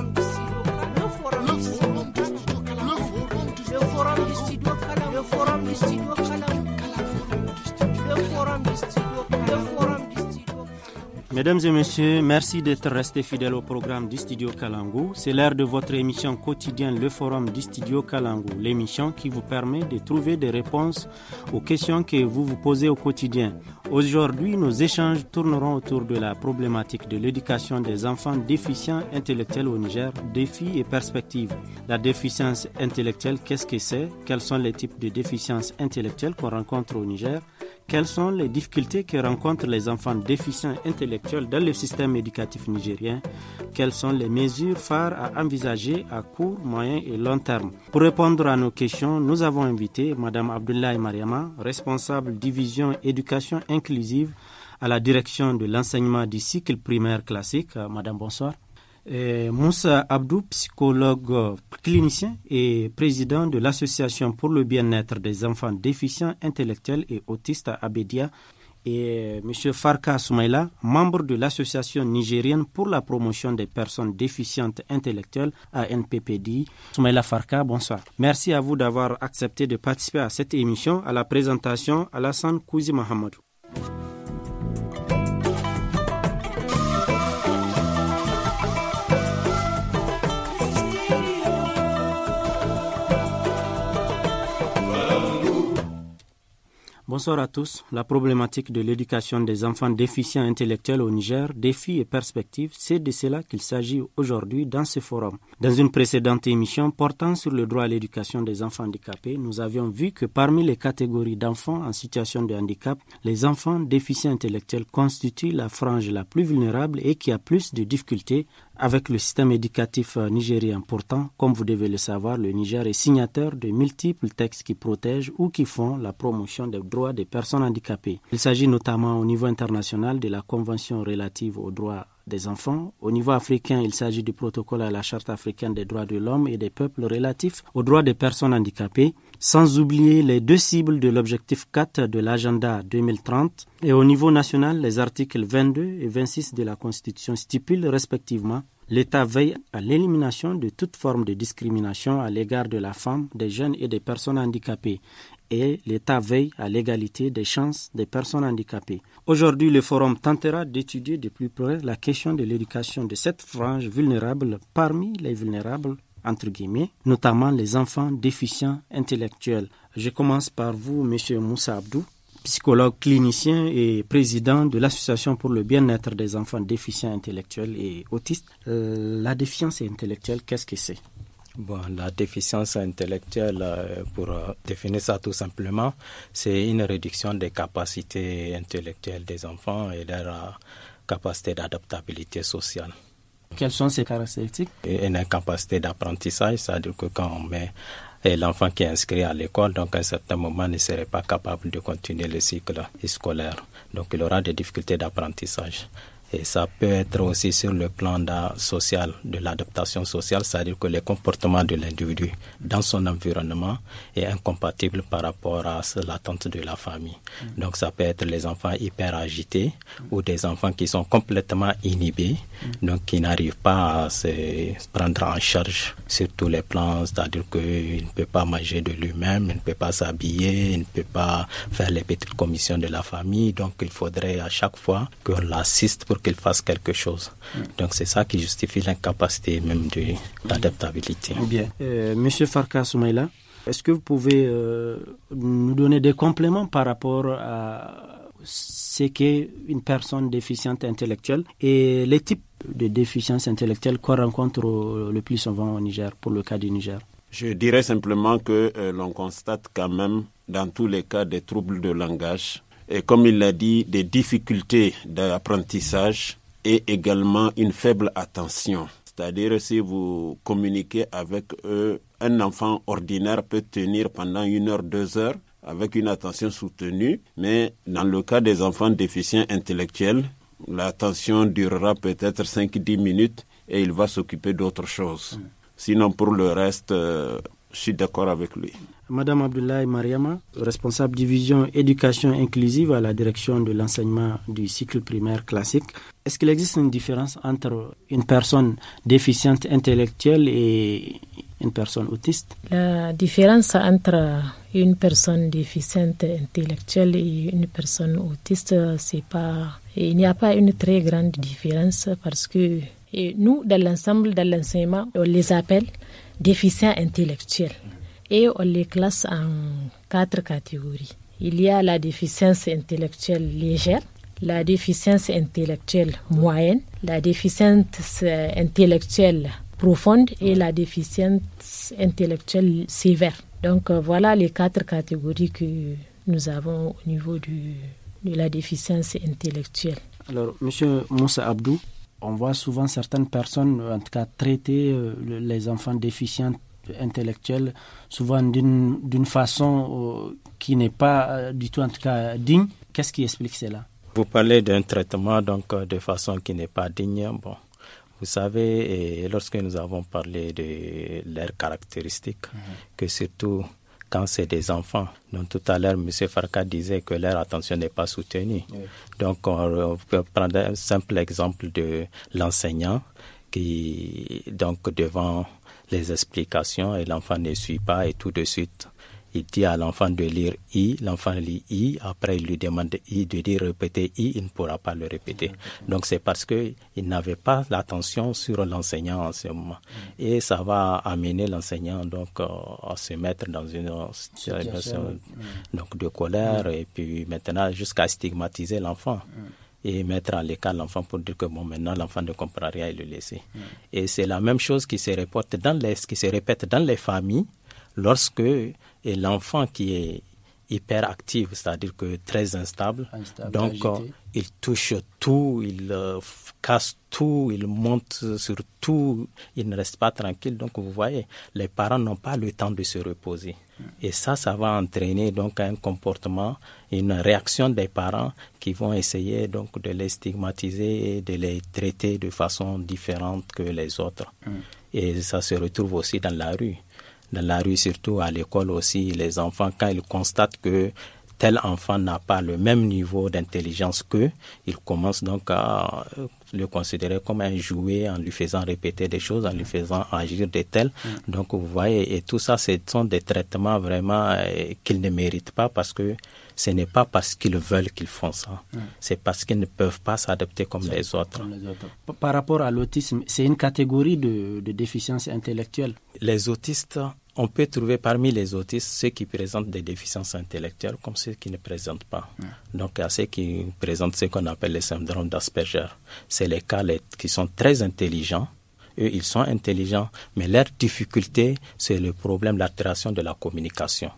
du Mesdames et messieurs, merci d'être restés fidèles au programme du Studio Kalangou. C'est l'heure de votre émission quotidienne, le forum du Studio Kalangou, l'émission qui vous permet de trouver des réponses aux questions que vous vous posez au quotidien. Aujourd'hui, nos échanges tourneront autour de la problématique de l'éducation des enfants déficients intellectuels au Niger, défis et perspectives. La déficience intellectuelle, qu'est-ce que c'est Quels sont les types de déficiences intellectuelles qu'on rencontre au Niger quelles sont les difficultés que rencontrent les enfants déficients intellectuels dans le système éducatif nigérien Quelles sont les mesures phares à envisager à court, moyen et long terme Pour répondre à nos questions, nous avons invité Mme Abdoulaye Mariama, responsable division éducation inclusive à la direction de l'enseignement du cycle primaire classique. Madame, bonsoir. Euh, Moussa Abdou, psychologue clinicien et président de l'Association pour le bien-être des enfants déficients intellectuels et autistes à Abédia, et euh, M. Farka Soumaïla, membre de l'Association nigérienne pour la promotion des personnes déficientes intellectuelles ANPPDI. Soumaïla Farka, bonsoir. Merci à vous d'avoir accepté de participer à cette émission, à la présentation Alassane Kouzi Mohamedou. Bonsoir à tous. La problématique de l'éducation des enfants déficients intellectuels au Niger, défis et perspectives, c'est de cela qu'il s'agit aujourd'hui dans ce forum. Dans une précédente émission portant sur le droit à l'éducation des enfants handicapés, nous avions vu que parmi les catégories d'enfants en situation de handicap, les enfants déficients intellectuels constituent la frange la plus vulnérable et qui a plus de difficultés avec le système éducatif euh, nigérien. important, comme vous devez le savoir, le Niger est signataire de multiples textes qui protègent ou qui font la promotion des droits des personnes handicapées. Il s'agit notamment au niveau international de la Convention relative aux droits des enfants. Au niveau africain, il s'agit du protocole à la Charte africaine des droits de l'homme et des peuples relatifs aux droits des personnes handicapées sans oublier les deux cibles de l'objectif 4 de l'agenda 2030 et au niveau national, les articles 22 et 26 de la Constitution stipulent respectivement L'État veille à l'élimination de toute forme de discrimination à l'égard de la femme, des jeunes et des personnes handicapées et l'État veille à l'égalité des chances des personnes handicapées. Aujourd'hui, le forum tentera d'étudier de plus près la question de l'éducation de cette frange vulnérable parmi les vulnérables entre guillemets, notamment les enfants déficients intellectuels. Je commence par vous, Monsieur Moussa Abdou, psychologue clinicien et président de l'Association pour le bien-être des enfants déficients intellectuels et autistes. Euh, la déficience intellectuelle, qu'est-ce que c'est Bon, la déficience intellectuelle, euh, pour euh, définir ça tout simplement, c'est une réduction des capacités intellectuelles des enfants et de leur capacité d'adaptabilité sociale. Quelles sont ses caractéristiques Une incapacité d'apprentissage, c'est-à-dire que quand on met l'enfant qui est inscrit à l'école, donc à un certain moment, ne serait pas capable de continuer le cycle scolaire. Donc il aura des difficultés d'apprentissage. Et ça peut être aussi sur le plan social, de l'adaptation sociale, c'est-à-dire que le comportement de l'individu dans son environnement est incompatible par rapport à l'attente de la famille. Mm. Donc ça peut être les enfants hyper agités ou des enfants qui sont complètement inhibés donc qui n'arrive pas à se prendre en charge sur tous les plans, c'est-à-dire qu'il ne peut pas manger de lui-même, il ne peut pas s'habiller, il ne peut pas faire les petites commissions de la famille, donc il faudrait à chaque fois qu'on l'assiste pour qu'il fasse quelque chose. Donc c'est ça qui justifie l'incapacité même de Bien. Euh, Monsieur Farkas est-ce que vous pouvez euh, nous donner des compléments par rapport à ce qu'est une personne déficiente intellectuelle et les types de déficience intellectuelle qu'on rencontre le plus souvent au Niger, pour le cas du Niger. Je dirais simplement que euh, l'on constate quand même, dans tous les cas, des troubles de langage et, comme il l'a dit, des difficultés d'apprentissage et également une faible attention. C'est-à-dire si vous communiquez avec eux, un enfant ordinaire peut tenir pendant une heure, deux heures, avec une attention soutenue, mais dans le cas des enfants déficients intellectuels, l'attention durera peut-être 5-10 minutes et il va s'occuper d'autre chose. Mm. Sinon, pour le reste, euh, je suis d'accord avec lui. Madame Abdoulaye Mariama, responsable division éducation inclusive à la direction de l'enseignement du cycle primaire classique, est-ce qu'il existe une différence entre une personne déficiente intellectuelle et une personne autiste. La différence entre une personne déficiente intellectuelle et une personne autiste, c'est pas, il n'y a pas une très grande différence parce que et nous, dans l'ensemble, de l'enseignement, on les appelle déficients intellectuels et on les classe en quatre catégories. Il y a la déficience intellectuelle légère, la déficience intellectuelle moyenne, la déficience intellectuelle profonde et la déficience intellectuelle sévère. Donc euh, voilà les quatre catégories que nous avons au niveau du, de la déficience intellectuelle. Alors, Monsieur Moussa Abdou, on voit souvent certaines personnes, en tout cas, traiter euh, les enfants déficients intellectuels, souvent d'une façon euh, qui n'est pas du tout, en tout cas, digne. Qu'est-ce qui explique cela Vous parlez d'un traitement, donc, de façon qui n'est pas digne. Bon, vous savez, et lorsque nous avons parlé de leurs caractéristiques, mhm. que surtout quand c'est des enfants. Donc tout à l'heure, M. Farka disait que leur attention n'est pas soutenue. Donc on, peut prendre un simple exemple de l'enseignant qui, donc devant les explications, et l'enfant ne suit pas et tout de suite, il dit à l'enfant de lire I, l'enfant lit I, après il lui demande I de dire répéter I, il ne pourra pas le répéter. Donc c'est parce qu'il n'avait pas l'attention sur l'enseignant en ce moment. Mm. Et ça va amener l'enseignant donc euh, à se mettre dans une situation euh, mm. donc, de colère mm. et puis maintenant jusqu'à stigmatiser l'enfant et mettre à l'écart l'enfant pour dire que bon, maintenant l'enfant ne comprend rien et le laisser. Et c'est la même chose qui se, dans qui se répète dans les familles lorsque l'enfant qui est hyperactif, c'est-à-dire que très instable, donc euh, il touche tout, il euh, casse tout, il monte sur tout, il ne reste pas tranquille. Donc vous voyez, les parents n'ont pas le temps de se reposer. Hmm. Et ça, ça va entraîner donc un comportement, une réaction des parents qui vont essayer donc de les stigmatiser de les traiter de façon différente que les autres. Hmm. Et ça se retrouve aussi dans la rue dans la rue, surtout à l'école aussi, les enfants, quand ils constatent que tel enfant n'a pas le même niveau d'intelligence qu'eux, ils commencent donc à euh, le considérer comme un jouet en lui faisant répéter des choses, en lui faisant agir de tel. Mm. Donc vous voyez, et tout ça, ce sont des traitements vraiment euh, qu'ils ne méritent pas parce que ce n'est pas parce qu'ils veulent qu'ils font ça. Mm. C'est parce qu'ils ne peuvent pas s'adapter comme, les autres. Par rapport à l'autisme, c'est une catégorie de déficience intellectuelle. Les autistes on peut trouver parmi les autistes ceux qui présentent des déficiences intellectuelles comme ceux qui ne présentent pas. Donc, à ceux qui présentent ce qu'on appelle le syndrome d'Asperger, c'est les cas qui sont très intelligents. Eux, ils sont intelligents, mais leur difficulté, c'est le problème, l'altération de la communication.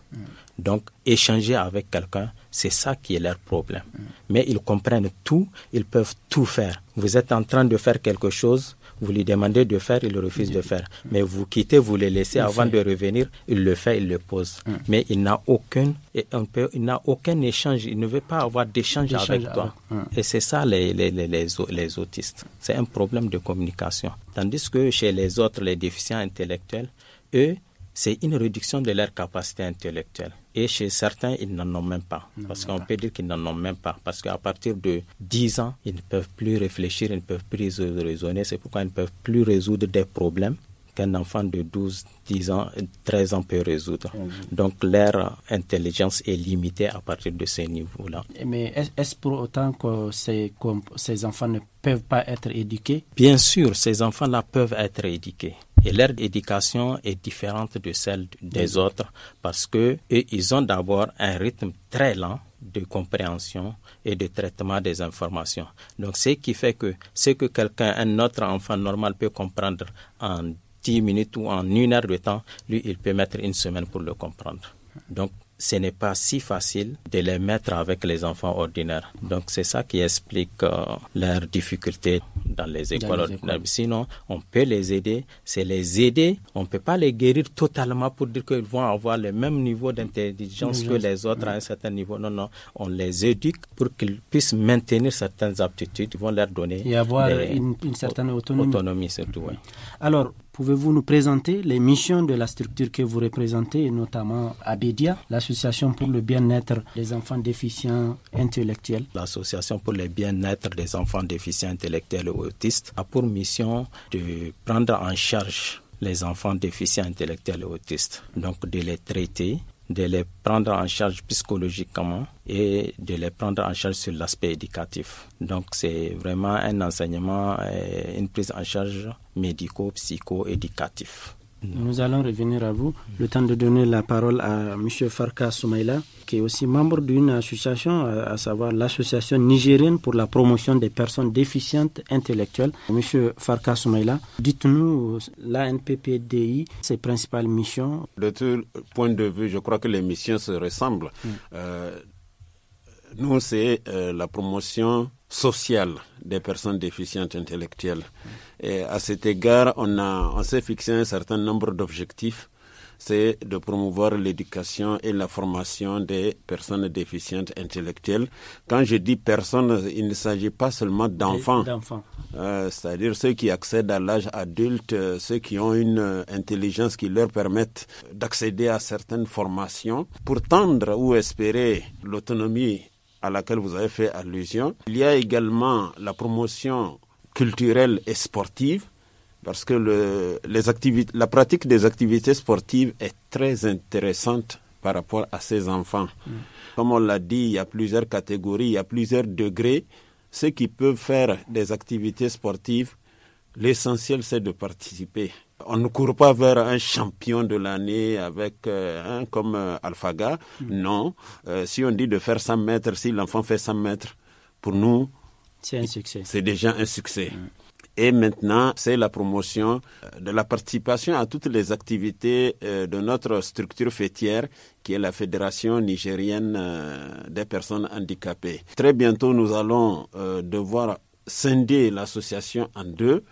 Donc, échanger avec quelqu'un, c'est ça qui est leur problème. Mais ils comprennent tout, ils peuvent tout faire. Vous êtes en train de faire quelque chose, vous lui demandez de faire, il refuse de faire. Mais vous quittez, vous le laissez avant de revenir, il le fait, il le pose. Hum. Mais il n'a aucun, il n'a aucun échange, il ne veut pas avoir d'échange avec, toi. Hum. Et c'est ça les, les, les, les autistes. C'est un problème de communication. Tandis que chez les autres, les déficients intellectuels, eux, c'est une réduction de leur capacité intellectuelle. Et chez certains, ils n'en ont même pas. Parce qu'on peut dire qu'ils n'en ont même pas. Parce qu'à partir de 10 ans, ils ne peuvent plus réfléchir, ils ne peuvent plus raisonner. C'est pourquoi ils ne peuvent plus résoudre des problèmes qu'un enfant de 12, 10 ans, 13 ans peut résoudre. Mmh. Donc leur intelligence est limitée à partir de ces niveaux-là. Mais est-ce pour autant que ces, que ces enfants ne peuvent pas être éduqués Bien sûr, ces enfants-là peuvent être éduqués. Et leur éducation est différente de celle des autres parce que eux, ils ont d'abord un rythme très lent de compréhension et de traitement des informations. Donc, ce qui fait que ce que quelqu'un, un autre enfant normal peut comprendre en 10 minutes ou en une heure de temps, lui, il peut mettre une semaine pour le comprendre. Donc, ce n'est pas si facile de les mettre avec les enfants ordinaires. Donc c'est ça qui explique euh, leurs difficultés dans les écoles ordinaires. Sinon, on peut les aider, c'est les aider. On ne peut pas les guérir totalement pour dire qu'ils vont avoir le même niveau d'intelligence que les autres à un certain niveau. Non, non, on les éduque pour qu'ils puissent maintenir certaines aptitudes. Ils vont leur donner... Et avoir une, certaine autonomie. surtout, Alors, Pouvez-vous nous présenter les missions de la structure que vous représentez, notamment ABEDIA, l'Association pour le bien-être des enfants déficients intellectuels L'Association pour le bien-être des enfants déficients intellectuels et autistes a pour mission de prendre en charge les enfants déficients intellectuels et autistes, donc de les traiter, de les prendre en charge psychologiquement et de les prendre en charge sur l'aspect éducatif. Donc c'est vraiment un enseignement, euh, une prise en charge médico-psycho-éducatif. Nous allons revenir à vous. Mm. Le temps de donner la parole à M. Farka Soumaïla, qui est aussi membre d'une association, euh, à savoir l'Association nigérienne pour la promotion des personnes déficientes intellectuelles. M. Farka Soumaïla, dites-nous l'ANPPDI, ses principales missions. De tout point de vue, je crois que les missions se ressemblent. Mm. Euh, nous, c'est euh, la promotion sociale des personnes déficientes intellectuelles. Et à cet égard, on, a, on s'est fixé un certain nombre d'objectifs. C'est de promouvoir l'éducation et la formation des personnes déficientes intellectuelles. Quand je dis personnes, il ne s'agit pas seulement d'enfants. Euh, c'est-à-dire ceux qui accèdent à l'âge adulte, euh, ceux qui ont une euh, intelligence qui leur permette d'accéder à certaines formations pour tendre ou espérer l'autonomie à laquelle vous avez fait allusion. Il y a également la promotion culturelle et sportive parce que les activités, la pratique des activités sportives est très intéressante par rapport à ces enfants. Mm. Comme on l'a dit, il y a plusieurs catégories, il y a plusieurs degrés. Ceux qui peuvent faire des activités sportives, l'essentiel c'est de participer on ne court pas vers un champion de l'année avec euh, un comme Alfaga, euh, Alphaga. Hmm. Non. Euh, si on dit de faire 100 mètres, si l'enfant fait 100 mètres, pour nous, c'est un succès. C'est déjà un succès. Hmm. Et maintenant, c'est la promotion de la participation à toutes les activités de notre structure fêtière, qui est la Fédération nigérienne des personnes handicapées. Très bientôt, nous allons devoir scinder l'association en deux.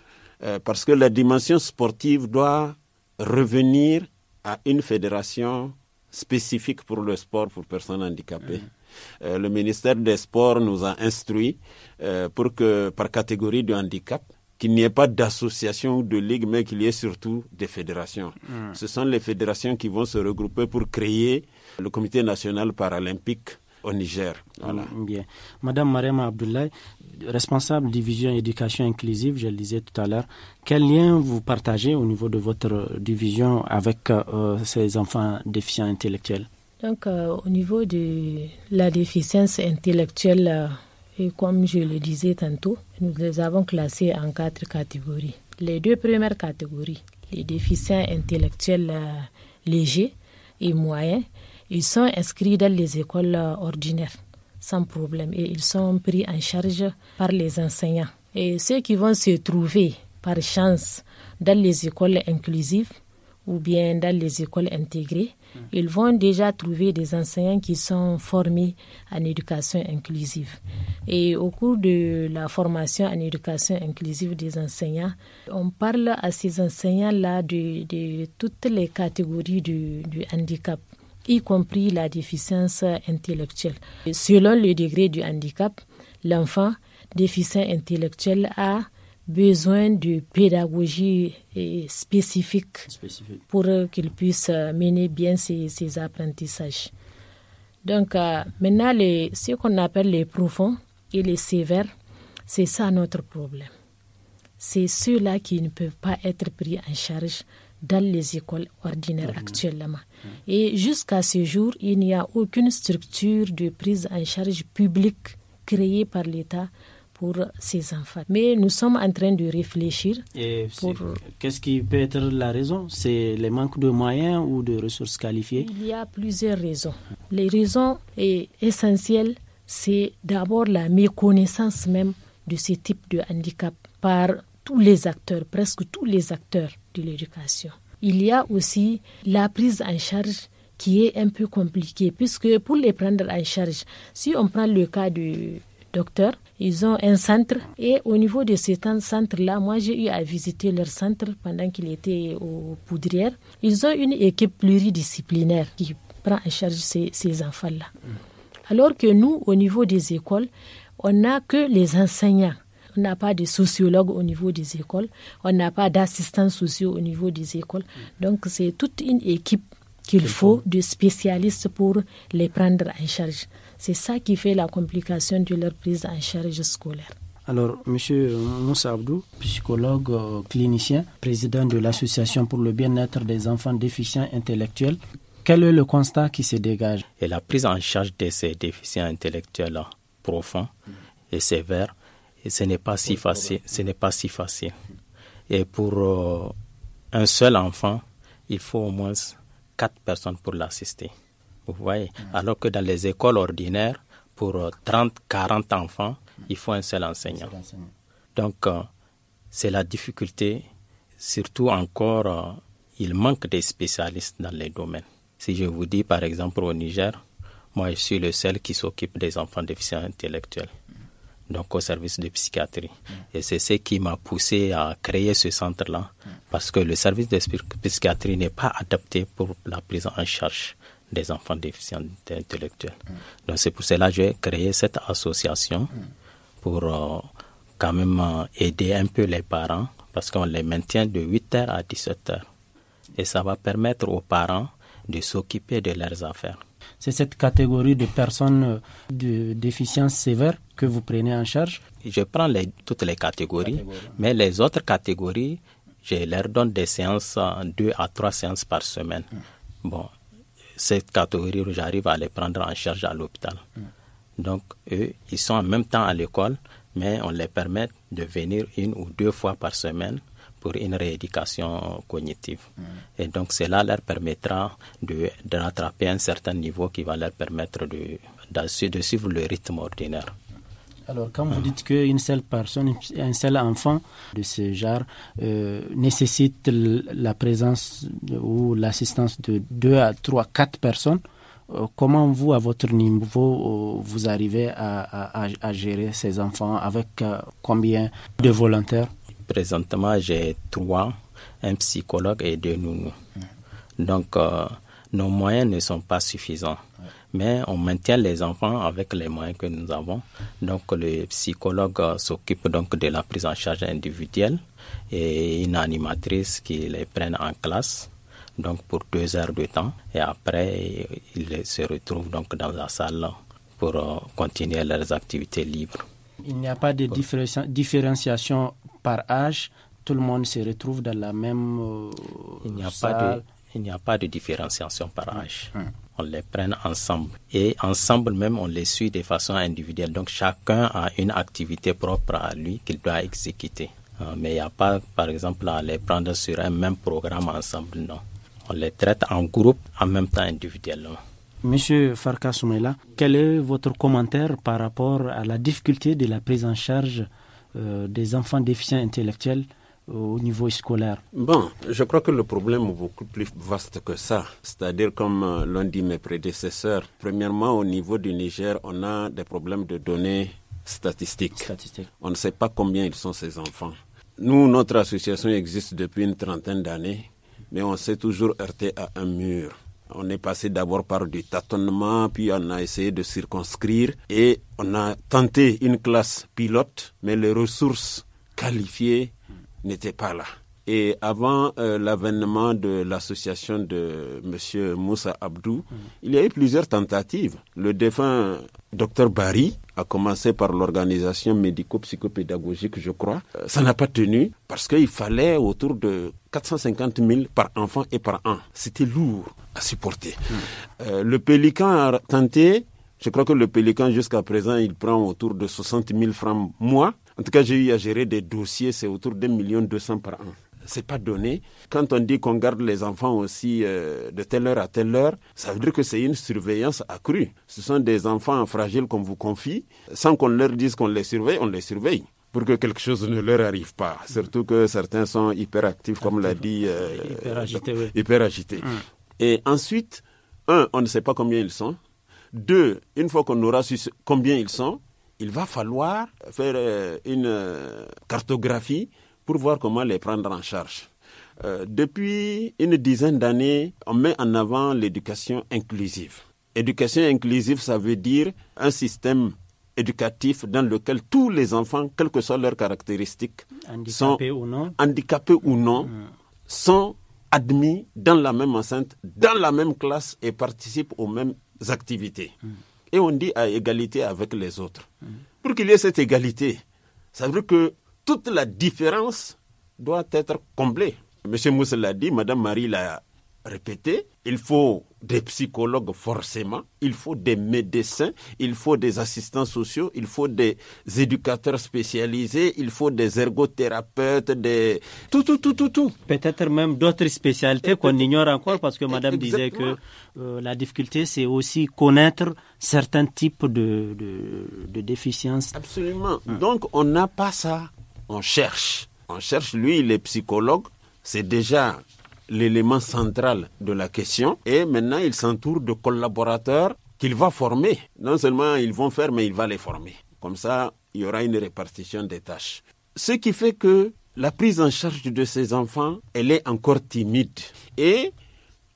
Euh, parce que la dimension sportive doit revenir à une fédération spécifique pour le sport pour personnes handicapées. Mm. Euh, le ministère des Sports nous a instruit euh, pour que par catégorie de handicap, qu'il n'y ait pas d'association ou de ligue, mais qu'il y ait surtout des fédérations. Mm. Ce sont les fédérations qui vont se regrouper pour créer le comité national paralympique au Niger. Voilà. Mm, bien. Madame Marema Abdoulaye, responsable division éducation inclusive, je le disais tout à l'heure, quel lien vous partagez au niveau de votre division avec euh, ces enfants déficients intellectuels Donc, euh, au niveau de la déficience intellectuelle, euh, et comme je le disais tantôt, nous les avons classés en quatre catégories. Les deux premières catégories, les déficients intellectuels légers et moyens, ils sont inscrits dans les écoles euh, ordinaires sans problème et ils sont pris en charge par les enseignants. Et ceux qui vont se trouver par chance dans les écoles inclusives ou bien dans les écoles intégrées, mm. ils vont déjà trouver des enseignants qui sont formés en éducation inclusive. Et au cours de la formation en éducation inclusive des enseignants, on parle à ces enseignants-là de, toutes les catégories du handicap y compris la déficience intellectuelle. Selon le degré du handicap, l'enfant déficient intellectuel a besoin de pédagogie euh, spécifique, pour qu'il puisse mener bien ses, apprentissages. Donc euh, maintenant, ce qu'on appelle les profonds et les sévères, c'est ça notre problème. C'est ceux-là qui ne peuvent pas être pris en charge dans les écoles ordinaires actuellement. Mm. Et jusqu'à ce jour, il n'y a aucune structure de prise en charge publique créée par l'État pour ces enfants. Mais nous sommes en train de réfléchir. Pour... Qu'est-ce qui peut être la raison C'est le manque de moyens ou de ressources qualifiées Il y a plusieurs raisons. Les raisons essentielles, c'est d'abord la méconnaissance même de ce type de handicap par tous les acteurs, presque tous les acteurs de l'éducation. Il y a aussi la prise en charge qui est un peu compliquée, puisque pour les prendre en charge, si on prend le cas du docteur, ils ont un centre et au niveau de ce centre-là, moi j'ai eu à visiter leur centre pendant qu'il était aux Poudrières. Ils ont une équipe pluridisciplinaire qui prend en charge ces, ces enfants-là. Mmh. Alors que nous, au niveau des écoles, on n'a que les enseignants on n'a pas de sociologues au niveau des écoles. On n'a pas d'assistants sociaux au niveau des écoles. Donc, c'est toute une équipe qu'il faut de spécialistes pour les prendre en charge. C'est ça qui fait la complication de leur prise en charge scolaire. Alors, Monsieur Moussa Abdou, psychologue euh, clinicien, président de l'Association pour le bien-être des enfants déficients intellectuels, quel est le constat qui se dégage Et la prise en charge de ces déficients intellectuels profonds et sévères et ce n'est pas si facile. Ce n'est pas si facile. Et pour euh, un seul enfant, il faut au moins quatre personnes pour l'assister. Vous voyez mm. Alors que dans les écoles ordinaires, pour 30, euh, 40 enfants, il faut un seul enseignant. Donc, euh, c'est la difficulté. Surtout encore, il manque des spécialistes dans les domaines. Si je vous dis, par exemple, au Niger, moi, je suis le seul qui s'occupe des enfants déficients intellectuels donc au service de psychiatrie. Et c'est ce qui m'a poussé à créer ce centre-là, parce que le service de psychiatrie n'est pas adapté pour la prise en charge des enfants déficients intellectuels. Donc c'est pour cela que j'ai créé cette association pour euh, quand même euh, aider un peu les parents, parce qu'on les maintient de 8h à 17h. Et ça va permettre aux parents de s'occuper de leurs affaires. C'est cette catégorie de personnes euh, de déficience sévère que vous prenez en charge Je prends toutes les catégories, mais les autres catégories, je leur donne des séances, euh, deux à trois séances par semaine. Hmm. Bon, cette catégorie, j'arrive à les prendre en charge à l'hôpital. Hmm. Donc, eux, ils sont en même temps à l'école, mais on les permet de venir une ou deux fois par semaine pour une rééducation cognitive. Et donc cela leur permettra de, de, rattraper un certain niveau qui va leur permettre de, de suivre le rythme ordinaire. Alors, quand vous dites qu'une seule personne, un seul enfant de ce genre euh, nécessite la présence ou l'assistance de deux à trois, quatre personnes, euh, comment vous, à votre niveau, euh, vous arrivez à, à, à, gérer ces enfants avec combien de volontaires Présentement, j'ai trois, un psychologue et deux nounous. Donc, euh, nos moyens ne sont pas suffisants. Mais on maintient les enfants avec les moyens que nous avons. Donc, le psychologue euh, s'occupe donc de la prise en charge individuelle et une animatrice qui les prenne en classe donc pour deux heures de temps et après ils se retrouvent donc dans la salle pour euh, continuer leurs activités libres. Il n'y a pas de différenciation par âge, tout le monde se retrouve dans la même euh, il n'y a salle. Pas de, il n'y a pas de différenciation par mm. âge. Mm. On les prend ensemble. Et ensemble même, on les suit de façon individuelle. Donc chacun a une activité propre à lui qu'il doit exécuter. Euh, mais il n'y a pas, par exemple, à les prendre sur un même programme ensemble, non. On les traite en groupe, en même temps individuellement. Monsieur Farka quel est votre commentaire par rapport à la difficulté de la prise en charge euh, des enfants déficients intellectuels au niveau scolaire Bon, je crois que le problème est beaucoup plus vaste que ça. C'est-à-dire, comme euh, l'ont dit mes prédécesseurs, premièrement, au niveau du Niger, on a des problèmes de données statistiques. On ne sait pas combien ils sont ces enfants. Nous, notre association existe depuis une trentaine d'années, mais on s'est toujours heurté à un mur. On est passé d'abord par du tâtonnement, puis on a essayé de circonscrire et on a tenté une classe pilote, mais les ressources qualifiées n'étaient pas là. Et avant euh, l'avènement de l'association de M. Moussa Abdou, mm. il y a eu plusieurs tentatives. Le défunt Dr Barry a commencé par l'organisation médico-psychopédagogique, je crois. Euh, ça n'a pas tenu parce qu'il fallait autour de 450 000 par enfant et par an. C'était lourd à supporter. Mm. Euh, le Pélican a tenté, je crois que le Pélican jusqu'à présent, il prend autour de 60 000 francs mois. En tout cas, j'ai eu à gérer des dossiers, c'est autour d'un million deux cents par an c'est pas donné. Quand on dit qu'on garde les enfants aussi euh, de telle heure à telle heure, ça veut dire que c'est une surveillance accrue. Ce sont des enfants fragiles qu'on vous confie. Sans qu'on leur dise qu'on les surveille, on les surveille pour que quelque chose ne leur arrive pas. Surtout que certains sont hyperactifs, comme l'a dit. Euh, hyper agités. Oui. Hyper agités. Hum. Et ensuite, un, on ne sait pas combien ils sont. Deux, une fois qu'on aura su combien ils sont, il va falloir faire euh, une cartographie pour voir comment les prendre en charge. Euh, depuis une dizaine d'années, on met en avant l'éducation inclusive. Éducation inclusive, ça veut dire un système éducatif dans lequel tous les enfants, quelles que soient leurs caractéristiques, handicapés ou non, handicapés ou non mm. sont admis dans la même enceinte, dans la même classe et participent aux mêmes activités. Mm. Et on dit à égalité avec les autres. Mm. Pour qu'il y ait cette égalité, ça veut dire que toute la différence doit être comblée. Monsieur Moussel l'a dit, Madame Marie l'a répété, il faut des psychologues forcément, il faut des médecins, il faut des assistants sociaux, il faut des éducateurs spécialisés, il faut des ergothérapeutes, des tout tout tout tout tout. Peut-être même d'autres spécialités qu'on ignore encore parce que Madame disait que euh, la difficulté c'est aussi connaître certains types de de, déficiences. Absolument. Hein. Donc on n'a pas ça on cherche. On cherche, lui, est psychologue. c'est déjà l'élément central de la question. Et maintenant, il s'entoure de collaborateurs qu'il va former. Non seulement ils vont faire, mais il va les former. Comme ça, il y aura une répartition des tâches. Ce qui fait que la prise en charge de ces enfants, elle est encore timide. Et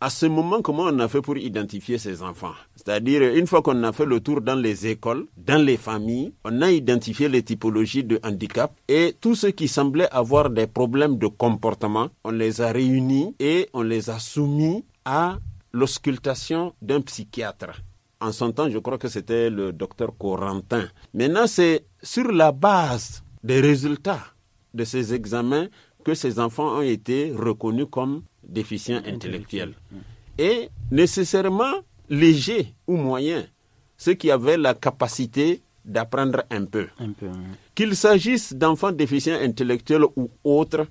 à ce moment, comment on a fait pour identifier ces enfants c'est-à-dire, une fois qu'on a fait le tour dans les écoles, dans les familles, on a identifié les typologies de handicap et tous ceux qui semblaient avoir des problèmes de comportement, on les a réunis et on les a soumis à l'auscultation d'un psychiatre. En son temps, je crois que c'était le docteur Corentin. Maintenant, c'est sur la base des résultats de ces examens que ces enfants ont été reconnus comme déficients intellectuels. Et nécessairement, Léger ou moyen, ceux qui avaient la capacité d'apprendre un peu. Qu'il s'agisse d'enfants déficients intellectuels ou autres,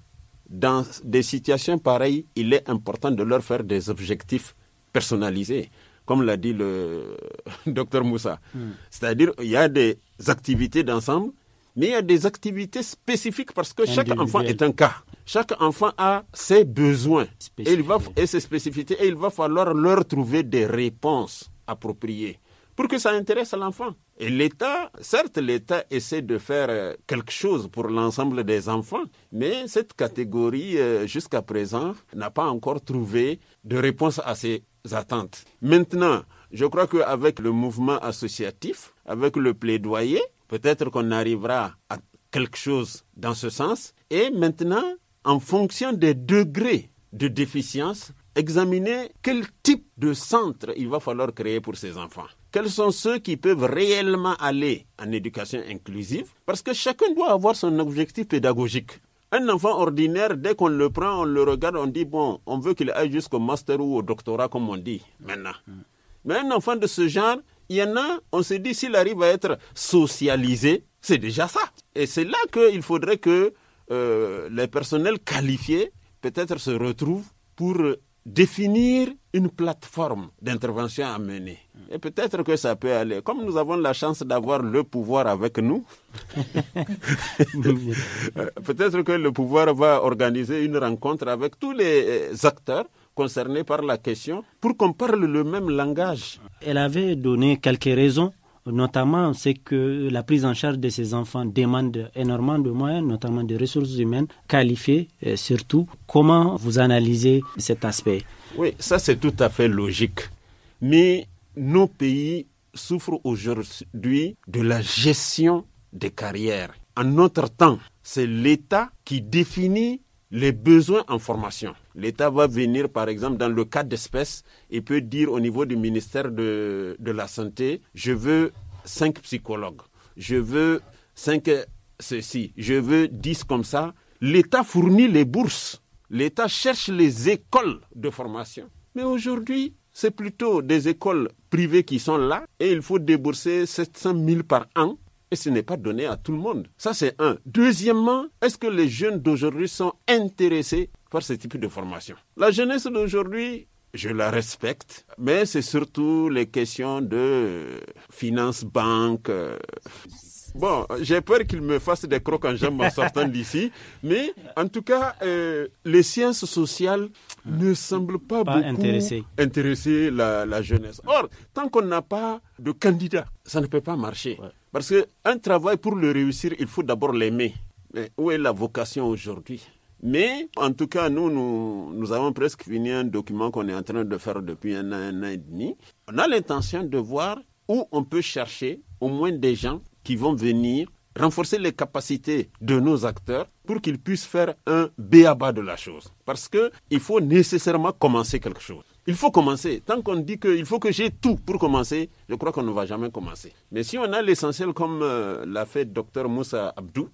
dans des situations pareilles, il est important de leur faire des objectifs personnalisés, comme l'a dit le docteur Moussa. Mm. C'est-à-dire, il y a des activités d'ensemble, mais il y a des activités spécifiques parce que chaque enfant est un cas chaque enfant a ses besoins et, il va, et ses spécificités et il va falloir leur trouver des réponses appropriées pour que ça intéresse l'enfant. Et l'État, certes, l'État essaie de faire euh, quelque chose pour l'ensemble des enfants, mais cette catégorie, euh, jusqu'à présent, n'a pas encore trouvé de réponse à ses attentes. Maintenant, je crois qu'avec le mouvement associatif, avec le plaidoyer, peut-être qu'on arrivera à quelque chose dans ce sens. Et maintenant, en fonction des degrés de déficience, examiner quel type de centre il va falloir créer pour ces enfants. Quels sont ceux qui peuvent réellement aller en éducation inclusive Parce que chacun doit avoir son objectif pédagogique. Un enfant ordinaire, dès qu'on le prend, on le regarde, on dit, bon, on veut qu'il aille jusqu'au master ou au doctorat, comme on dit maintenant. Mm. Mais un enfant de ce genre, il y en a, on se dit, s'il arrive à être socialisé, c'est déjà ça. Et c'est là qu'il faudrait que euh, les personnels qualifiés peut-être se retrouvent pour définir une plateforme d'intervention à mener. Et peut-être que ça peut aller. Comme nous avons la chance d'avoir le pouvoir avec nous, peut-être que le pouvoir va organiser une rencontre avec tous les euh, acteurs concernés par la question pour qu'on parle le même langage. Elle avait donné quelques raisons Notamment, c'est que la prise en charge de ces enfants demande énormément de moyens, notamment de ressources humaines qualifiées, et euh, surtout. Comment vous analysez cet aspect Oui, ça c'est tout à fait logique. Mais nos pays souffrent aujourd'hui de la gestion des carrières. En notre temps, c'est l'État qui définit les besoins en formation. L'État va venir, par exemple, dans le cas d'espèces, et peut dire au niveau du ministère de, de la Santé, je veux cinq psychologues, je veux cinq ceci, je veux dix comme ça. L'État fournit les bourses, l'État cherche les écoles de formation. Mais aujourd'hui, c'est plutôt des écoles privées qui sont là, et il faut débourser 700 000 par an et ce n'est pas donné à tout le monde. Ça, c'est un. Deuxièmement, est-ce que les jeunes d'aujourd'hui sont intéressés ce type de formation. La jeunesse d'aujourd'hui, je la respecte, mais c'est surtout les questions de finances, banque. Euh. Bon, j'ai peur qu'il me fasse des crocs en jambes en sortant d'ici, mais en tout cas, euh, les sciences sociales ne semblent pas, beaucoup intéresser, la, jeunesse. Or, tant qu'on n'a pas de candidat, ça ne peut pas marcher. Parce Parce qu'un travail, pour le réussir, il faut d'abord l'aimer. Mais où est la vocation aujourd'hui mais en tout cas, nous, nous, avons presque fini un document qu'on est en train de faire depuis un an, et demi. On a l'intention de voir où on peut chercher au moins des gens qui vont venir renforcer les capacités de nos acteurs pour qu'ils puissent faire un bas de la chose. Parce qu'il faut nécessairement commencer quelque chose. Il faut commencer. Tant qu'on dit qu'il faut que j'ai tout pour commencer, je crois qu'on ne va jamais commencer. Mais si on a l'essentiel comme euh, l'a fait docteur Moussa Abdou,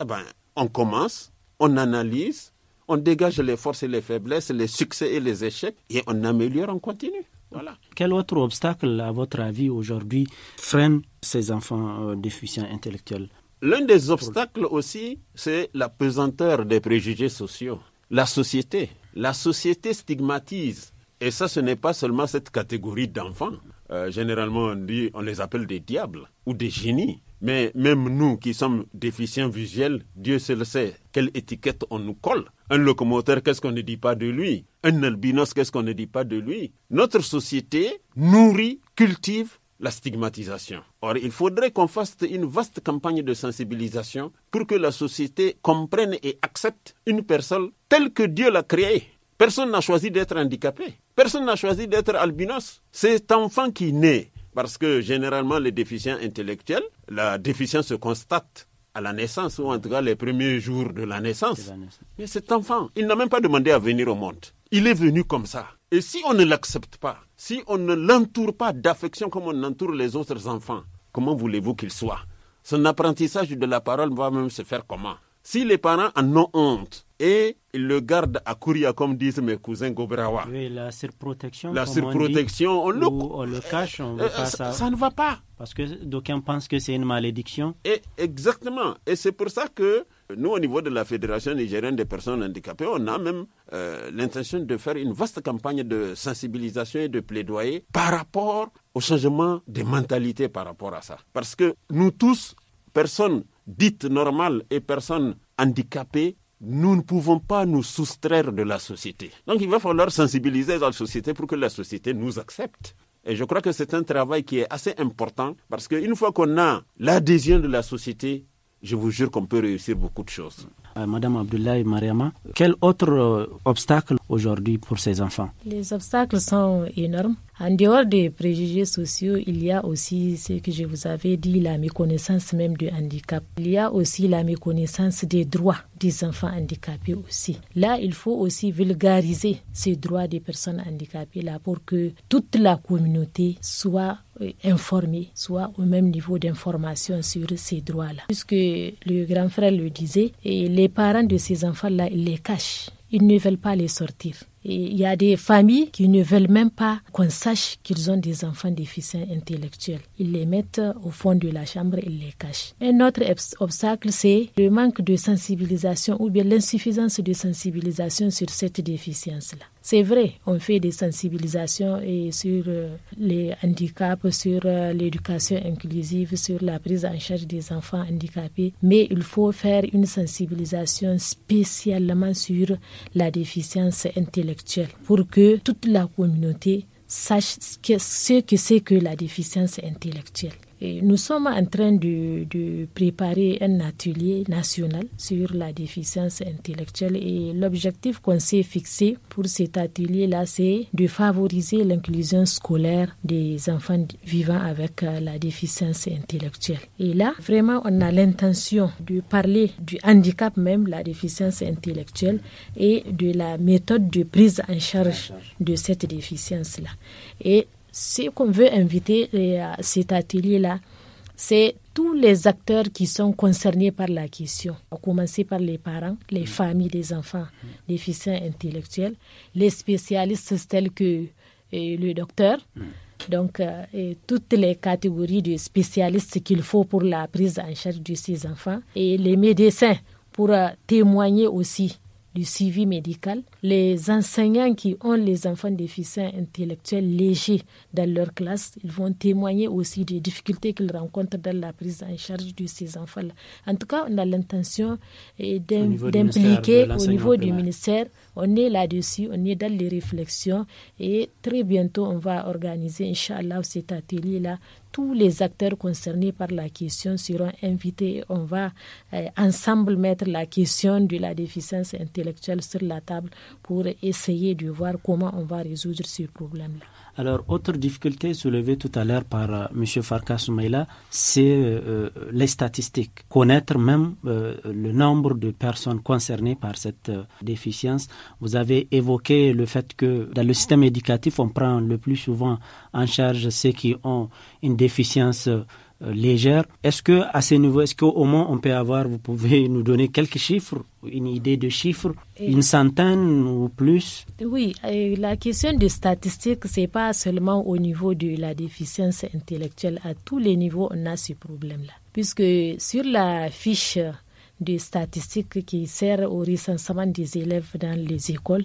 eh ben, on commence on analyse, on dégage les forces et les faiblesses, les succès et les échecs, et on améliore en continu. Voilà. Quel autre obstacle, à votre avis, aujourd'hui, freine ces enfants euh, déficients intellectuels L'un des obstacles aussi, c'est la pesanteur des préjugés sociaux. La société. La société stigmatise. Et ça, ce n'est pas seulement cette catégorie d'enfants. Euh, généralement, on, dit, on les appelle des diables ou des génies. Mais même nous qui sommes déficients visuels, Dieu le sait quelle étiquette on nous colle. Un locomoteur, qu'est-ce qu'on ne dit pas de lui Un albinos, qu'est-ce qu'on ne dit pas de lui Notre société nourrit, cultive la stigmatisation. Or, il faudrait qu'on fasse une vaste campagne de sensibilisation pour que la société comprenne et accepte une personne telle que Dieu l'a créée. Personne n'a choisi d'être handicapé. Personne n'a choisi d'être albinos. Cet enfant qui naît parce que généralement, les déficients intellectuels, la déficience se constate à la naissance, ou en tout cas les premiers jours de la naissance. Mais cet enfant, il n'a même pas demandé à venir au monde. Il est venu comme ça. Et si on ne l'accepte pas, si on ne l'entoure pas d'affection comme on entoure les autres enfants, comment voulez-vous qu'il soit Son apprentissage de la parole va même se faire comment si les parents en ont honte et le gardent à courir, comme disent mes cousins Gobrawa. la surprotection. La surprotection, on, le... cache, on euh, pas ça, ça, ne va pas. Parce que d'aucuns pensent que c'est une malédiction. Et exactement. Et c'est pour ça que nous, au niveau de la Fédération nigérienne des personnes handicapées, on a même euh, l'intention de faire une vaste campagne de sensibilisation et de plaidoyer par rapport au changement des mentalités par rapport à ça. Parce que nous tous, personne Dites normales et personnes handicapées, nous ne pouvons pas nous soustraire de la société. Donc il va falloir sensibiliser la société pour que la société nous accepte. Et je crois que c'est un travail qui est assez important parce qu'une fois qu'on a l'adhésion de la société, je vous jure qu'on peut réussir beaucoup de choses. Madame Abdoulaye Mariama, quel autre euh, obstacle aujourd'hui pour ces enfants Les obstacles sont énormes. En dehors des préjugés sociaux, il y a aussi ce que je vous avais dit, la méconnaissance même du handicap. Il y a aussi la méconnaissance des droits des enfants handicapés aussi. Là, il faut aussi vulgariser ces droits des personnes handicapées là pour que toute la communauté soit euh, informés, soit au même niveau d'information sur ces droits-là. Puisque le grand frère le disait, et les parents de ces enfants-là, ils les cachent. Ils ne veulent pas les sortir. Il y a des familles qui ne veulent même pas qu'on sache qu'ils ont des enfants déficients intellectuels. Ils les mettent au fond de la chambre, ils les cachent. Un autre obstacle, c'est le manque de sensibilisation ou bien l'insuffisance de sensibilisation sur cette déficience-là. C'est vrai, on fait des sensibilisations et sur euh, les handicaps, sur euh, l'éducation inclusive, sur la prise en charge des enfants handicapés, mais il faut faire une sensibilisation spécialement sur la déficience intellectuelle pour que toute la communauté sache ce que c'est que la déficience intellectuelle nous sommes en train de, de, préparer un atelier national sur la déficience intellectuelle et l'objectif qu'on s'est fixé pour cet atelier-là, c'est de favoriser l'inclusion scolaire des enfants vivant avec euh, la déficience intellectuelle. Et là, vraiment, on a l'intention de parler du handicap même, la déficience intellectuelle et de la méthode de prise en charge de cette déficience-là. Et ce qu'on veut inviter euh, à cet atelier-là, c'est tous les acteurs qui sont concernés par la question, à commencer par les parents, les mm. familles des enfants déficients mm. intellectuels, les spécialistes tels que euh, le docteur, mm. donc euh, toutes les catégories de spécialistes qu'il faut pour la prise en charge de ces enfants, et les médecins pour témoigner aussi du suivi médical, les enseignants qui ont les enfants déficients intellectuels légers dans leur classe, ils vont témoigner aussi des difficultés qu'ils rencontrent dans la prise en charge de ces enfants-là. En tout cas, on a l'intention eh, d'impliquer au niveau du ministère. On est là-dessus, on est dans les réflexions et très bientôt, on va organiser, Inch'Allah, cet atelier-là tous les acteurs concernés par la question seront invités on va euh, ensemble mettre la question de la déficience intellectuelle sur la table pour essayer de voir comment on va résoudre ce problème-là. Alors, autre difficulté soulevée tout à l'heure par euh, M. Farka Soumaïla, c'est euh, euh, les statistiques. Connaître même le nombre de personnes concernées par cette déficience. Vous avez évoqué le fait que dans le système éducatif, on prend le plus souvent en charge ceux qui ont une déficience euh, légère. Est-ce que à ce niveau, est-ce qu'au moins on peut avoir, vous pouvez nous donner quelques chiffres, une idée de chiffres, une centaine ou plus Oui, la question des statistiques, c'est pas seulement au niveau de la déficience intellectuelle. À tous les niveaux, on a ce problème-là, puisque sur la fiche des statistiques qui sert au recensement des élèves dans les écoles,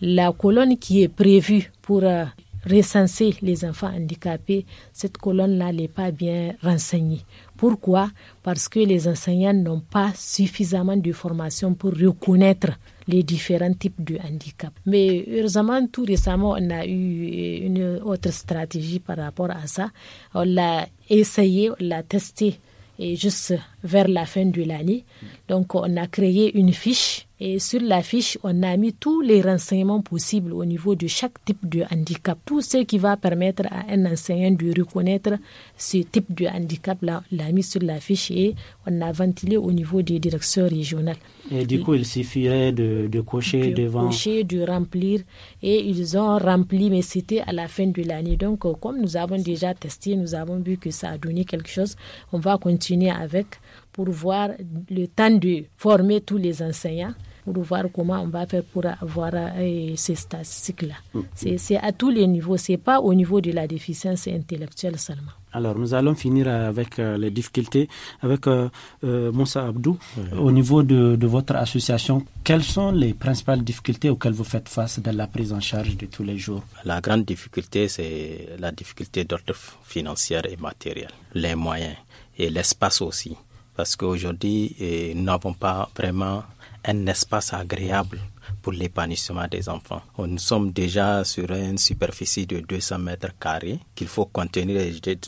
la colonne qui est prévue pour euh, recenser les enfants handicapés, cette colonne-là n'est pas bien renseignée. Pourquoi Parce que les enseignants n'ont pas suffisamment de formation pour reconnaître les différents types de handicap. Mais heureusement, tout récemment, on a eu euh, une autre stratégie par rapport à ça. On l'a essayé, on l'a testé et juste vers la fin de l'année. Donc, on a créé une fiche et sur l'affiche, on a mis tous les renseignements possibles au niveau de chaque type de handicap. Tout ce qui va permettre à un enseignant de reconnaître ce type de handicap on l'a mis sur l'affiche et on a ventilé au niveau des directions régionales. Et du coup, il suffirait de, de cocher de devant. Cocher, de remplir. Et ils ont rempli, mais c'était à la fin de l'année. Donc, euh, comme nous avons déjà testé, nous avons vu que ça a donné quelque chose, on va continuer avec pour voir le temps de former tous les enseignants pour voir comment on va faire pour avoir euh, ces statistiques-là. Mm. C'est à tous les niveaux, c'est pas au niveau de la déficience intellectuelle seulement. Alors, nous allons finir avec euh, les difficultés avec euh, euh Moussa Abdou. Au niveau de, votre association, quelles sont les principales difficultés auxquelles vous faites face dans la prise en charge de tous les jours La grande difficulté, c'est la difficulté d'ordre financière et matériel, les moyens et l'espace aussi. Parce qu'aujourd'hui, eh, nous n'avons pas vraiment un espace agréable pour l'épanouissement des enfants. Oh, nous sommes déjà sur une superficie de 200 mètres carrés qu'il faut contenir.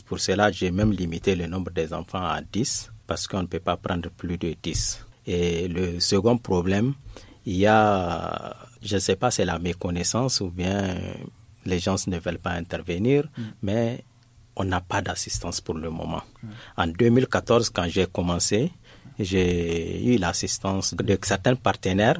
Pour cela, j'ai même limité le nombre des enfants à 10 parce qu'on ne peut pas prendre plus de 10. Et le second problème, il y a, je ne sais pas, c'est la méconnaissance ou bien les gens ne veulent pas intervenir, mm. mais on n'a pas d'assistance pour le moment. En 2014, quand j'ai commencé, j'ai eu l'assistance de certains partenaires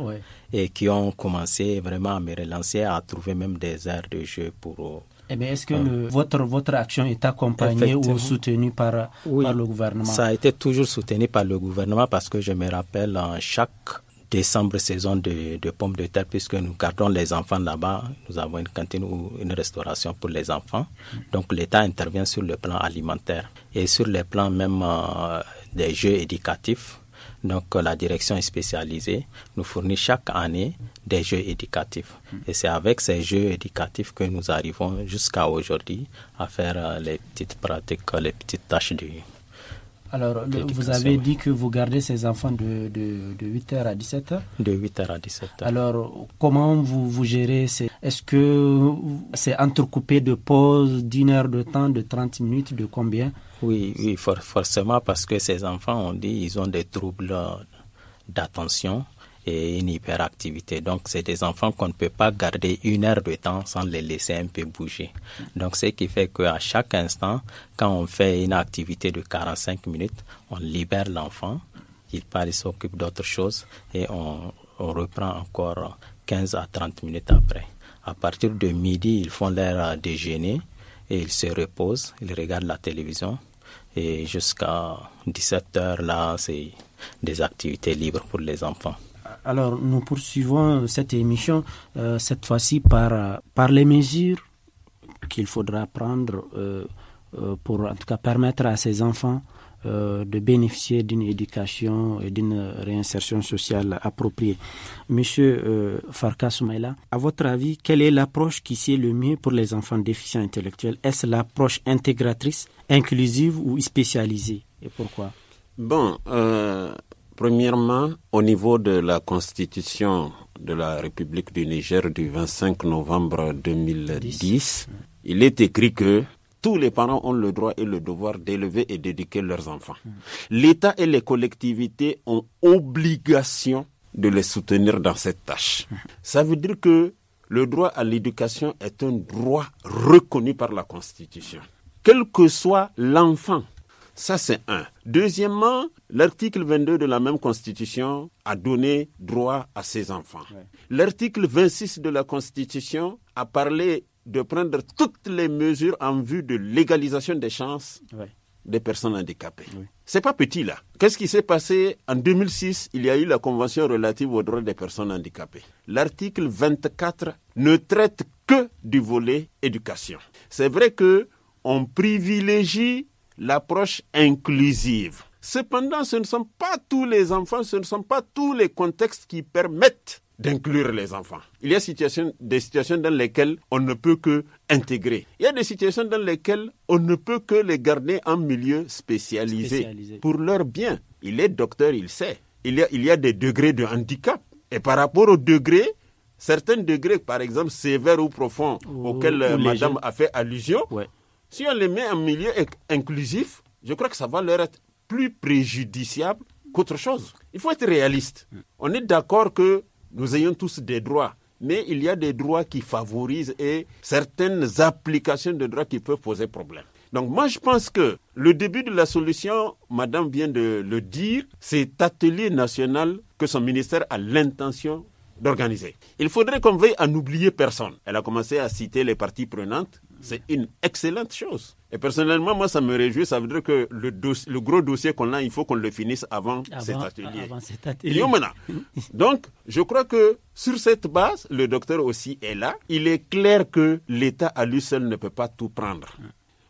et qui ont commencé vraiment à me relancer, à trouver même des aires de jeu pour. Euh, eh est-ce que euh, votre, votre action est accompagnée ou soutenue par, par le gouvernement Ça a été toujours soutenu par le gouvernement parce que je me rappelle en chaque décembre saison de, de, pommes de terre puisque nous gardons les enfants là-bas. Nous avons une cantine ou une restauration pour les enfants. Donc l'État intervient sur le plan alimentaire et sur le plan même euh, des jeux éducatifs. Donc euh, la direction est spécialisée nous fournit chaque année des jeux éducatifs. Mm. Et c'est avec ces jeux éducatifs que nous arrivons jusqu'à aujourd'hui à faire euh, les petites pratiques, euh, les petites tâches du, alors, vous avez dit que vous gardez ces enfants de, de, de 8h à 17h De 8h à 17h. Alors, comment vous, vous gérez ces... Est-ce que c'est entrecoupé de pauses d'une heure de temps, de 30 minutes, de combien Oui, oui forcément, parce que ces enfants, ont dit, ils ont des troubles d'attention et une hyperactivité. Donc, c'est des enfants qu'on ne peut pas garder une heure de temps sans les laisser un peu bouger. Donc, ce qui fait qu'à chaque instant, quand on fait une activité de 45 minutes, on libère l'enfant, il part, il s'occupe d'autre chose et on, reprend encore 15 à 30 minutes après. À partir de midi, ils font leur euh, déjeuner et ils se reposent, ils regardent la télévision et jusqu'à 17 heures là, c'est des activités libres pour les enfants. Alors, nous poursuivons cette émission, euh, cette fois-ci, par, euh, par les mesures qu'il faudra prendre euh, pour, en tout cas, permettre à ces enfants de bénéficier d'une éducation et d'une réinsertion sociale appropriée. Monsieur Farka Soumaïla, à votre avis, quelle est l'approche qui sied le mieux pour les enfants déficients intellectuels Est-ce l'approche intégratrice, inclusive ou spécialisée Et pourquoi Bon, Premièrement, au niveau de la Constitution de la République du Niger du 25 novembre 2010, il est écrit que tous les parents ont le droit et le devoir d'élever et d'éduquer leurs enfants. Hmm. L'État et les collectivités ont obligation de les soutenir dans cette tâche. Hmm. Ça veut dire que le droit à l'éducation est un droit reconnu par la Constitution. Quel que soit l'enfant ça, c'est un. Deuxièmement, l'article 22 de la même Constitution a donné droit à ses enfants. L'article 26 de la Constitution a parlé de prendre toutes les mesures en vue de légalisation des chances des personnes handicapées. C'est pas petit là. Qu'est-ce qui s'est passé en 2006 Il y a eu la Convention relative aux droits des personnes handicapées. L'article 24 ne traite que du volet éducation. C'est vrai que on privilégie l'approche inclusive. Cependant, ce ne sont pas tous les enfants, ce ne sont pas tous les contextes qui permettent d'inclure les enfants. Il y a situation, des situations dans lesquelles on ne peut que intégrer. Il y a des situations dans lesquelles on ne peut que les garder en milieu spécialisé, pour leur bien. Il est docteur, il sait. Il y, a, il y a des degrés de handicap. Et par rapport aux degrés, certains degrés, par exemple sévères ou profonds, auxquels euh, Madame a fait allusion, si on les met en milieu inclusif, je crois que ça va leur être plus préjudiciable qu'autre chose. Il faut être réaliste. On est d'accord que nous ayons tous des droits, mais il y a des droits qui favorisent et certaines applications de droits qui peuvent poser problème. Donc moi, je pense que le début de la solution, Madame vient de le dire, c'est atelier national que son ministère a l'intention d'organiser. Il faudrait qu'on veuille à n'oublier personne. Elle a commencé à citer les parties prenantes. C'est une excellente chose. Et personnellement, moi, ça me réjouit. Ça veut dire que le, le gros dossier qu'on a, il faut qu'on le finisse avant, cet atelier. Avant cet atelier. Donc, je crois que sur cette base, le docteur aussi est là. Il est clair que l'État à lui seul ne peut pas tout prendre.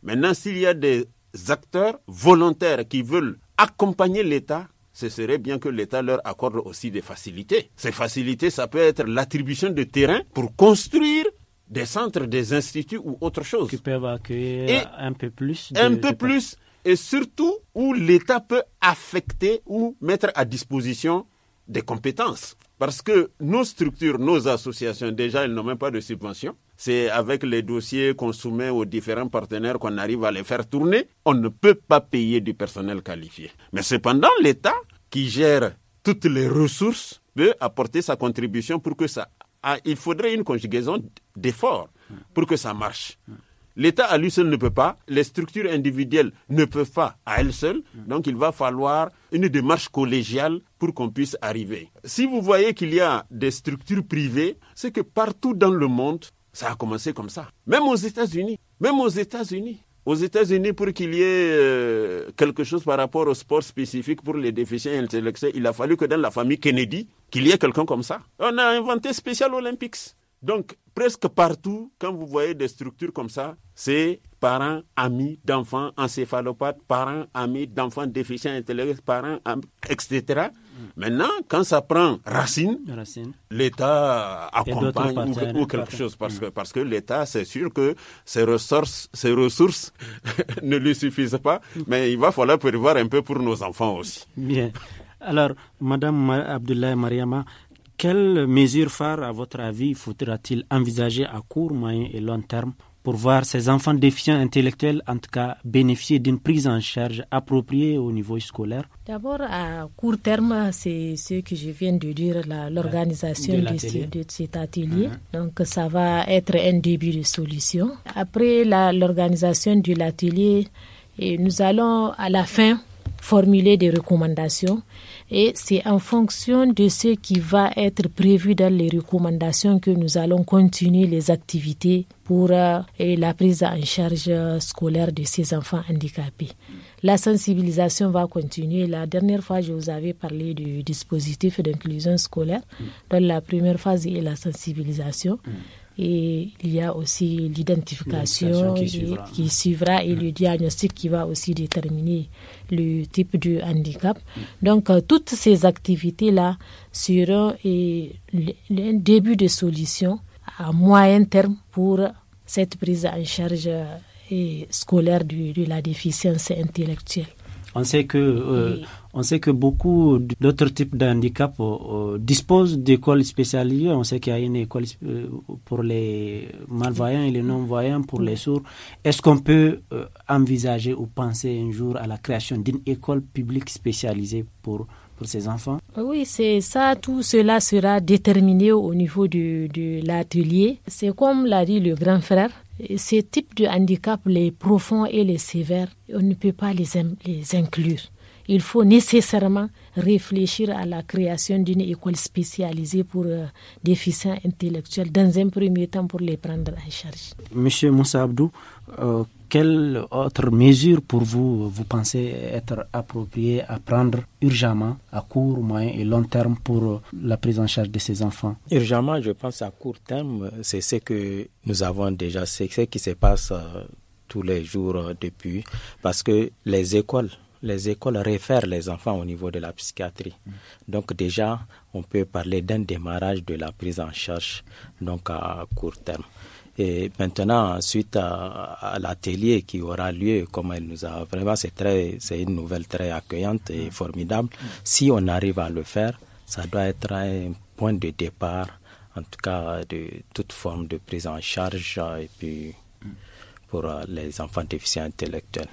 Maintenant, s'il y a des acteurs volontaires qui veulent accompagner l'État, ce serait bien que l'État leur accorde aussi des facilités. Ces facilités, ça peut être l'attribution de terrain pour construire des centres, des instituts ou autre chose. Qui peuvent accueillir et un peu plus. un peu plus. Et surtout où l'État peut affecter ou mettre à disposition des compétences. Parce que nos structures, nos associations, déjà, elles n'ont même pas de subvention. C'est avec les dossiers qu'on soumet aux différents partenaires qu'on arrive à les faire tourner. On ne peut pas payer du personnel qualifié. Mais cependant, l'État, qui gère toutes les ressources, peut apporter sa contribution pour que ça ah, il faudrait une conjugaison d'efforts pour que ça marche. L'État à lui seul ne peut pas, les structures individuelles ne peuvent pas à elles seules, donc il va falloir une démarche collégiale pour qu'on puisse arriver. Si vous voyez qu'il y a des structures privées, c'est que partout dans le monde, ça a commencé comme ça. Même aux États-Unis, même aux États-Unis, aux États-Unis, pour qu'il y ait euh, quelque chose par rapport au sport spécifique pour les déficients intellectuels, il a fallu que dans la famille Kennedy, qu'il y ait quelqu'un comme ça. On a inventé Special Olympics. Donc, presque partout, quand vous voyez des structures comme ça, c'est parents, amis d'enfants encéphalopathes, parents, amis d'enfants déficients intellectuels, parents, etc. Maintenant, quand ça prend racine, l'État accompagne ou, quelque chose parce que, mm. parce que l'État, c'est sûr que ses ressources, ses ressources ne lui suffisent pas, mm. mais il va falloir prévoir un peu pour nos enfants aussi. Bien. Alors, Madame Abdoulaye Mariama, quelles mesures phares, à votre avis, faudra-t-il envisager à court, moyen et long terme pour voir ces enfants défiants intellectuels, en tout cas, bénéficier d'une prise en charge appropriée au niveau scolaire D'abord, à court terme, c'est ce que je viens de dire, l'organisation de, cet atelier. Hein. Donc, ça va être un début de solution. Après l'organisation de l'atelier, nous allons à la fin formuler des recommandations et c'est en fonction de ce qui va être prévu dans les recommandations que nous allons continuer les activités pour euh, la prise en charge euh, scolaire de ces enfants handicapés. La sensibilisation va continuer. La dernière fois, je vous avais parlé du dispositif d'inclusion scolaire, Dans la première phase a la sensibilisation. Et il y a aussi l'identification qui, suivra. et le mm. diagnostic qui va aussi déterminer le type de handicap. Donc, euh, toutes ces activités-là seront un euh, début de solution à moyen terme pour cette prise en charge et euh, scolaire de, la déficience intellectuelle. On sait que on sait que beaucoup d'autres types de handicaps euh, disposent d'écoles spécialisées. On sait qu'il y a une école euh, pour les malvoyants et les non-voyants, pour les sourds. Est-ce qu'on peut euh, envisager ou penser un jour à la création d'une école publique spécialisée pour pour ces enfants Oui, c'est ça. Tout cela sera déterminé au niveau de, l'atelier. C'est comme l'a dit le grand frère. Ces types de handicaps, les profonds et les sévères, on ne peut pas les, les inclure il faut nécessairement réfléchir à la création d'une école spécialisée pour euh, déficients intellectuels, dans un premier temps pour les prendre en charge. Monsieur Moussa Abdou, euh, quelles autres mesures pour vous, vous pensez être appropriées à prendre urgemment, à court, moyen et long terme pour euh, la prise en charge de ces enfants Urgemment, je pense à court terme, c'est ce que nous avons déjà, c'est ce qui se passe tous les jours depuis, parce que les écoles les écoles réfèrent les enfants au niveau de la psychiatrie. Donc déjà, on peut parler d'un démarrage de la prise en charge donc à court terme. Et maintenant, suite à, l'atelier qui aura lieu, comme elle nous a vraiment, c'est très, c'est une nouvelle très accueillante et formidable. Si on arrive à le faire, ça doit être un point de départ, en tout cas de toute forme de prise en charge et puis pour euh, les enfants déficients intellectuels.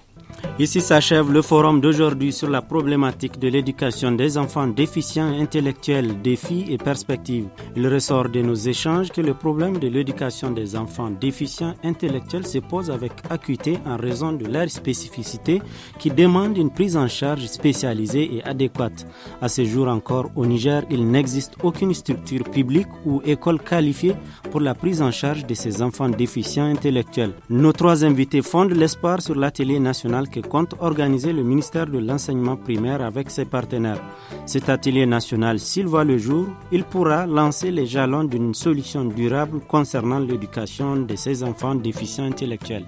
Ici s'achève le forum d'aujourd'hui sur la problématique de l'éducation des enfants déficients intellectuels, défis et perspectives. Il ressort de nos échanges que le problème de l'éducation des enfants déficients intellectuels se pose avec acuité en raison de leur spécificité qui demande une prise en charge spécialisée et adéquate. À ce jour encore, au Niger, il n'existe aucune structure publique ou école qualifiée pour la prise en charge de ces enfants déficients intellectuels. Nos trois invités fondent l'espoir sur l'atelier national que compte organiser le ministère de l'enseignement primaire avec ses partenaires. Cet atelier national, s'il voit le jour, il pourra lancer les jalons d'une solution durable concernant l'éducation de ces enfants déficients intellectuels.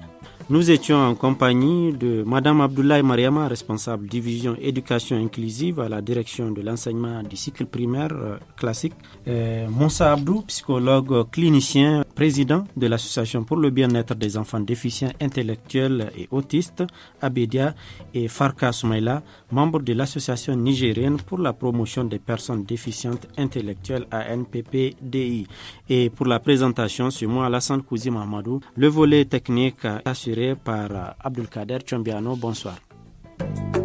Nous étions en compagnie de Madame Abdoulaye Mariama, responsable division éducation inclusive à la direction de l'enseignement du cycle primaire euh, classique, et euh, Moussa Abdou, psychologue clinicien, président de l'association pour le bien-être des enfants déficients intellectuels et autistes, Abedia, et Farka Soumaïla, membre de l'association nigérienne pour la promotion des personnes déficientes intellectuelles ANPPDI. Et pour la présentation, c'est moi Alassane Kouzi Mamadou, le volet technique assuré par Abdulkader Chombiano. Bonsoir.